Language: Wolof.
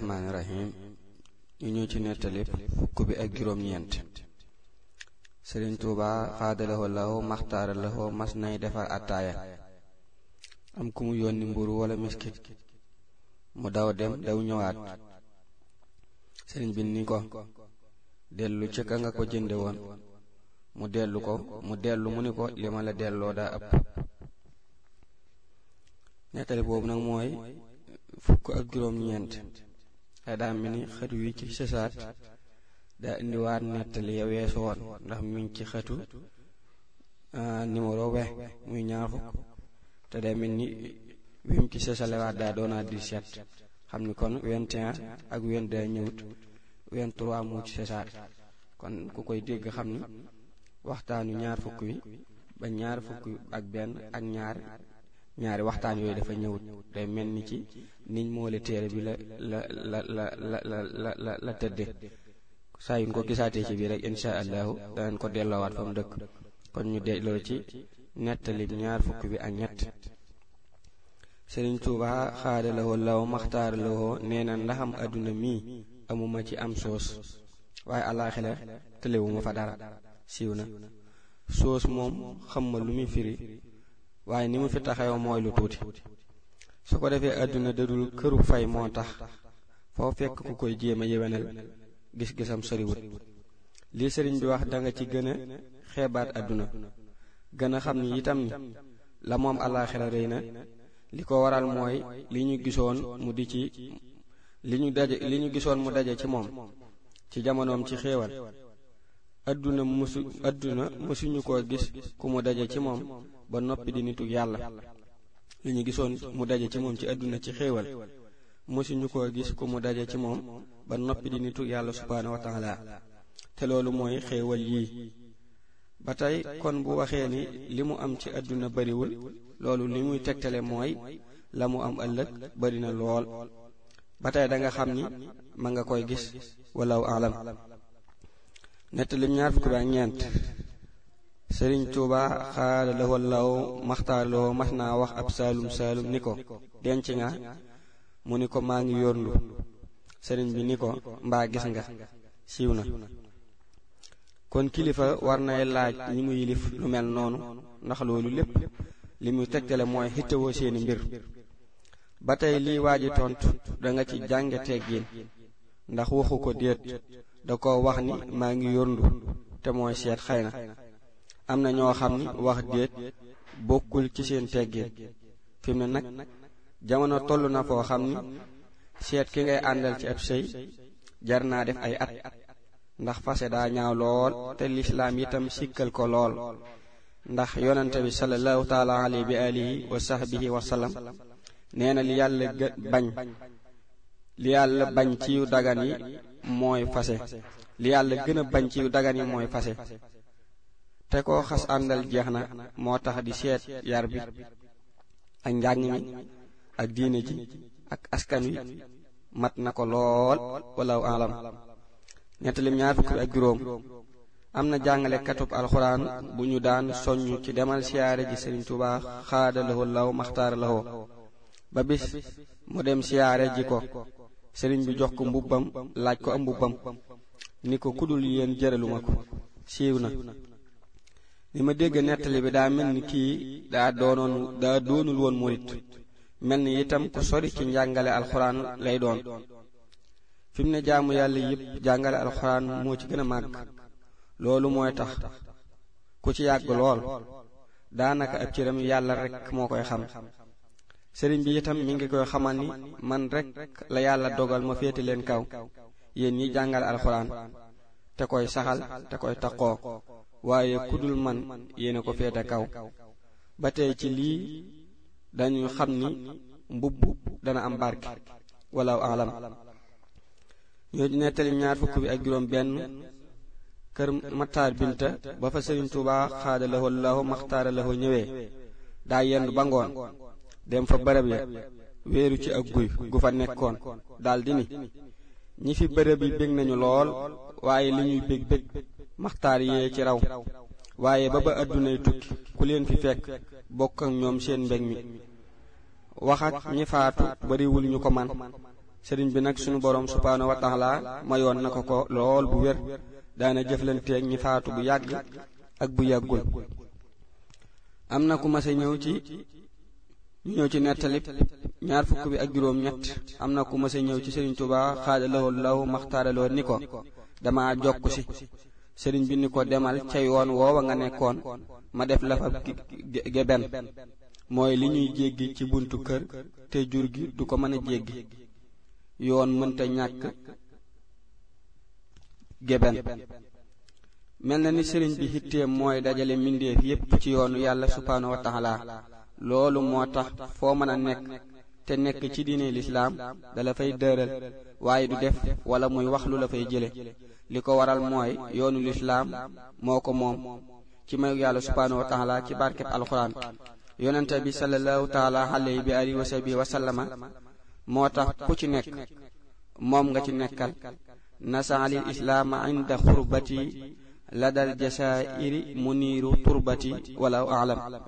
rahmaani rahim ñu ci nettali fukk bi ak juróom-ñeent sëriñ tuuba xaadalaho laho maxtaara mas nay defar attaaya am ku mu yónni mburu wala miskit mu daw dem daw ñëwaat sëriñ bi ni ko dellu ci ka nga ko jënde woon mu dellu ko mu dellu mu ni ko li ma la delloo daa ëpp nettali daa mel ni xët wi ci sësaat daa indiwaat nettali ya weesu woon ndax mi ngi ci xëtu ah, numéro we muy ñaar fukk te daa mel ni wim ci sësalewaat daa doonaa 17 xam ni kon 21 ak 22 ñëwut 23 mu ci sësaat kon ku koy dégg xam ni waxtaanu ñaar fukk wi ba ñaar fukk ak benn ak ñaar ñaari waxtaan yooyu dafa ñëwut day mel ni ci niñ moole téere bi la la la la la la la la tëdde saa yuñ ko gisaatee ci biir rek insha allahu danañ ko delloowaat fa dëkk kon ñu delloo ci nettali ñaar fukk bi ak ñett sëriñ Tuuba xaadalawoo law maxtaaralawoo nee na ndaxam àdduna mii amuma ci am soos waaye alaaxira tëlewuma fa dara siiw na soos moom xam ma lu muy firi waaye ni mu fi taxaw mooy lu tuuti su ko defee àdduna dadul këru fay moo tax foo fekk ku koy jéem a yewenal gis-gisam soriwut lii sëriñ bi wax danga ci gën a xeebaat àdduna gën a xam ni itam ni la moom àllaaxira rëy na li ko waral mooy li ñu gisoon mu di ci li ñu daje li ñu gisoon mu daje ci moom ci jamonoom ci xéewal àdduna mësu àdduna mësuñu ko gis ku mu daje ci moom ba noppi di nitu yàlla li ñu gisoon mu daje ci moom ci àdduna ci xéewal ñu ko gis ku mu daje ci moom ba noppi di nitu yàlla subhaanahu wa taala te loolu mooy xéewal yii ba tey kon bu waxee ni li mu am ci àdduna bariwul loolu li muy tegtale mooy la mu am ëllëg bari na lool ba tey da xam ni ma nga koy gis walaw alam nettalim sëriñ tuuba xaala la mas naa wax ab saalum saalum ni ko denc nga mu ni ko maa ngi yoonlu sëriñ bi ni ko mbaa gis nga siiw na kon kilifa war nay laaj ñi mu yilif lu mel noonu ndax loolu lépp li mu tegtale mooy xittewoo seeni mbir ba tey lii waa waaji tontu danga ci jànge teggiin ndax waxu ko déet da ko wax ni maa ngi yoonlu te mooy seet xëy na am na ñoo xam ni wax déet bokkul ci seen teggin fi mu ne nag jamono toll na foo xam ni seet ki ngay àndal ci ab sëy jar naa def ay at ndax fase daa ñaaw lool te lislaam itam sikkal ko lool ndax yonante bi sallallahu taala alayhi wa sahbihi nee na li yàlla bañ bañ ci dagan yi mooy fase li yàlla gën bañ ci dagan yi mooy fase te ko xas àndal jeex na moo tax di seet yar bi ak njàng mi ak diine ji ak askan wi mat na ko lool walaw alam nettalim ñaar fukk ak juróom am na jàngale katub alxuraan bu ñu daan soññ ci demal siyaare ji Sëriñ Tuubaa xaadalawoo law maxtaara lawoo ba bis mu dem siyaare ji ko sëriñ bi jox ko mbubbam laaj ko am mbubbam ni ko kudul yéen jëraluma ko siiw na li ma dégg nettali bi daa mel ni kii daa doonul woon murit mel ni itam ku sori ci njàngale alxuraan lay doon fi mu ne jaamu yàlla yëpp jàngale alxuraan moo ci gën a màgg loolu mooy tax ku ci yàgg lool daanaka ab cëram yàlla rek moo koy xam sëriñ bi itam mi ngi koy xamal ni man rek la yàlla dogal ma féete leen kaw yéen ñi jàngale alxuraan te koy saxal te koy taqoo waaye kudul man yéena ko féete kaw ba tey ci lii dañu xam ni mbubb dana am barke walaaw alam ñoo nettali ñaar fukk bi ak juróom benn kër Mattaar Binta ba fa Sëriñ Tuubaa xaada lahoo lahoo maxtaara lahoo ñëwee daa yendu ba ngoon dem fa bërëb ya wéeru ci ak guy gu fa nekkoon daldi ni ñi fi bërëb yi bég nañu lool waaye li ñuy bég bég maxtaar yee ci raw waaye ba ba addunay tukki ku leen fi fekk bokk ak ñoom seen mbeg mi wax ak ñi faatu bariwul ñu ko man sëriñ bi nag sunu borom subhaanahu wa taala mayoon na ko ko lool bu wér daana jëflanteeg ñi faatu bu yàgg ak bu yàggul am na ku mas a ñëw ci ñu ñëw ci nettalib ñaar fukk bi ak juróom ñett am na ku mas a ñëw ci sëriñ Tuubaa xaadalawoo law maxtaaraloo ni ko dama jokk si sëriñ bi ni ko demal ca yoon woowa nga nekkoon ma def la fa geben mooy li ñuy jéggi ci buntu kër te jur gi du ko mën a jéggi yoon mënta ñàkk geben mel na ni sëriñ bi xitteem mooy dajale mbindeef yépp ci yoonu yàlla subhaanahu wa taala loolu moo tax foo mën a nekk te nekk ci diine lislaam dala fay dëral waaye du def wala muy wax lu la fay jële li ko waral mooy yoonu lislaam moo ko moom ci mayu yàlla subhaanahu wa taala ci barkeb alxuraan yonente bi sallallahu taala alayhi bi alihi wa sahbihi wa sallama moo tax ku ci nekk moom nga ci nekkal nasaalil islaama inda xurbati ladal jasairi muniiru turbati walaw alam